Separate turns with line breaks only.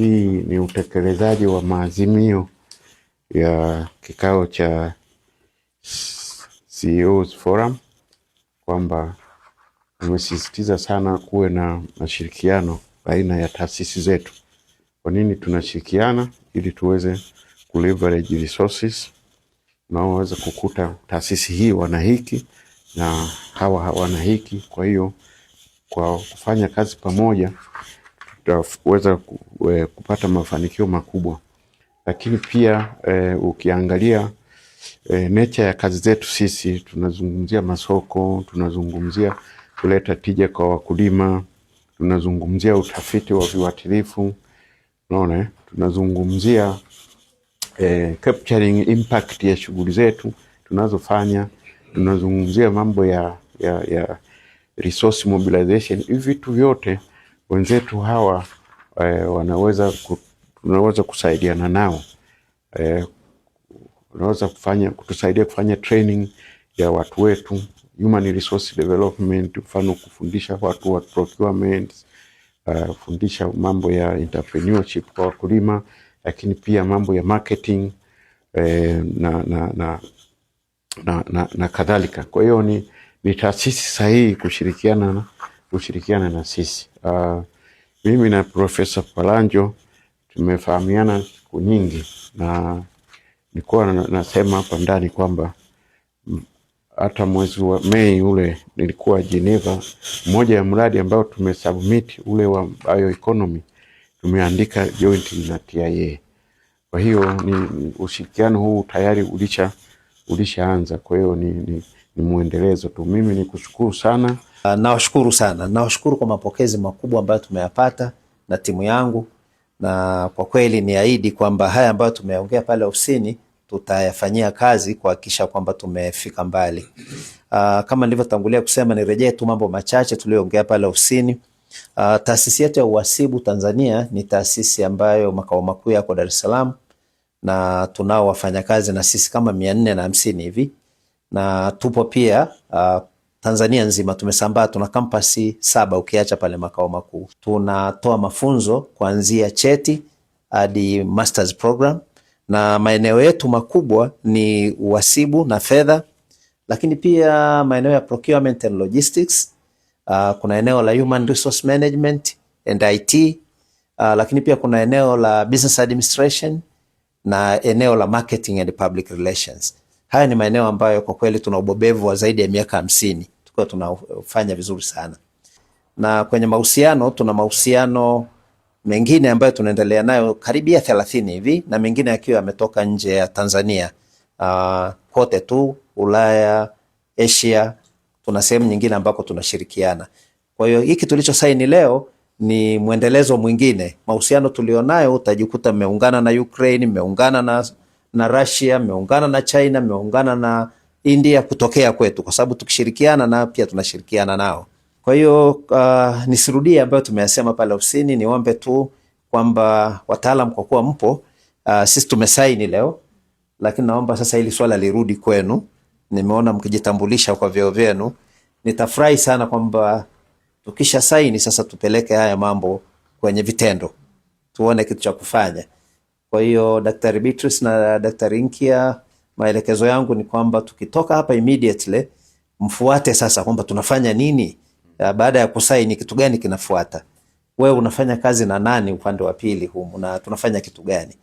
Hii ni utekelezaji wa maazimio ya kikao cha CEO's Forum kwamba tumesisitiza sana kuwe na mashirikiano baina ya taasisi zetu. Kwa nini tunashirikiana? Ili tuweze kuleverage resources unaoweza kukuta taasisi hii wana hiki na hawa hawana hiki. Kwa hiyo kwa kufanya kazi pamoja utaweza eh, kupata mafanikio makubwa. Lakini pia e, ukiangalia e, nature ya kazi zetu sisi, tunazungumzia masoko, tunazungumzia kuleta tija kwa wakulima, tunazungumzia utafiti wa viuatilifu, unaona, tunazungumzia e, capturing impact ya shughuli zetu tunazofanya, tunazungumzia mambo ya, ya, ya resource mobilization. Hivi vitu vyote wenzetu hawa e, wanaweza ku, tunaweza kusaidiana nao e, eh, unaweza kufanya kutusaidia kufanya training ya watu wetu human resource development, mfano kufundisha watu wa procurement, uh, eh, fundisha mambo ya entrepreneurship kwa wakulima, lakini pia mambo ya marketing eh, na, na, na, na, na, na kadhalika. Kwa hiyo ni, ni taasisi sahihi kushirikiana, na, kushirikiana na sisi uh, mimi na Profesa Palanjo tumefahamiana siku nyingi, na nilikuwa nasema hapa ndani kwamba hata mwezi wa Mei ule nilikuwa Geneva, mmoja ya mradi ambao tumesubmit ule wa bioeconomy tumeandika joint na TIA. Kwa hiyo ni ushirikiano huu tayari ulisha ulishaanza, kwa hiyo ni, ni, ni mwendelezo tu. Mimi nikushukuru sana.
Ah, nawashukuru sana, nawashukuru kwa mapokezi makubwa ambayo tumeyapata na timu yangu, na kwa kweli niahidi kwamba haya ambayo tumeyaongea pale ofisini tutayafanyia kazi kuhakikisha kwamba tumefika mbali. Aa, ah, kama nilivyotangulia kusema, nirejee tu mambo machache tuliyoongea pale ofisini. Uh, Taasisi yetu ya uhasibu Tanzania ni taasisi ambayo makao makuu yako Dar es Salaam na tunao wafanyakazi na sisi kama mia nne na hamsini hivi na tupo pia uh, Tanzania nzima tumesambaa, tuna kampasi saba ukiacha pale makao makuu. Tunatoa mafunzo kuanzia cheti hadi masters program, na maeneo yetu makubwa ni uhasibu na fedha, lakini pia maeneo ya procurement and logistics. Uh, kuna eneo la human resource management and IT. Uh, ah, lakini pia kuna eneo la business administration na eneo la marketing and public relations. Haya ni maeneo ambayo kwa kweli tuna ubobevu wa zaidi ya miaka hamsini, tukiwa tunafanya vizuri sana. Na kwenye mahusiano tuna mahusiano mengine ambayo tunaendelea nayo karibia thelathini hivi na mengine yakiwa yametoka nje ya Tanzania uh, ah, kote tu Ulaya, Asia, tuna sehemu nyingine ambako tunashirikiana. Kwa hiyo hiki tulicho saini leo ni mwendelezo mwingine. Mahusiano tulionayo utajikuta mmeungana na Ukraine, mmeungana na na Russia, mmeungana na China, mmeungana na India kutokea kwetu, kwa sababu tukishirikiana na pia tunashirikiana nao. Kwa hiyo uh, nisirudie ambayo tumeyasema pale ofisini, niombe tu kwamba wataalam, kwa kuwa mpo uh, sisi tumesaini leo, lakini naomba sasa hili swala lirudi kwenu. Nimeona mkijitambulisha kwa vyeo vyenu, nitafurahi sana kwamba tukisha saini sasa tupeleke haya mambo kwenye vitendo, tuone kitu cha kufanya. Kwa hiyo Daktari Beatrice na Daktari Inkia, maelekezo yangu ni kwamba tukitoka hapa immediately mfuate sasa kwamba tunafanya nini uh, baada ya kusaini, kitu gani kinafuata. Wewe unafanya kazi na nani upande wa pili humu na tunafanya kitu gani?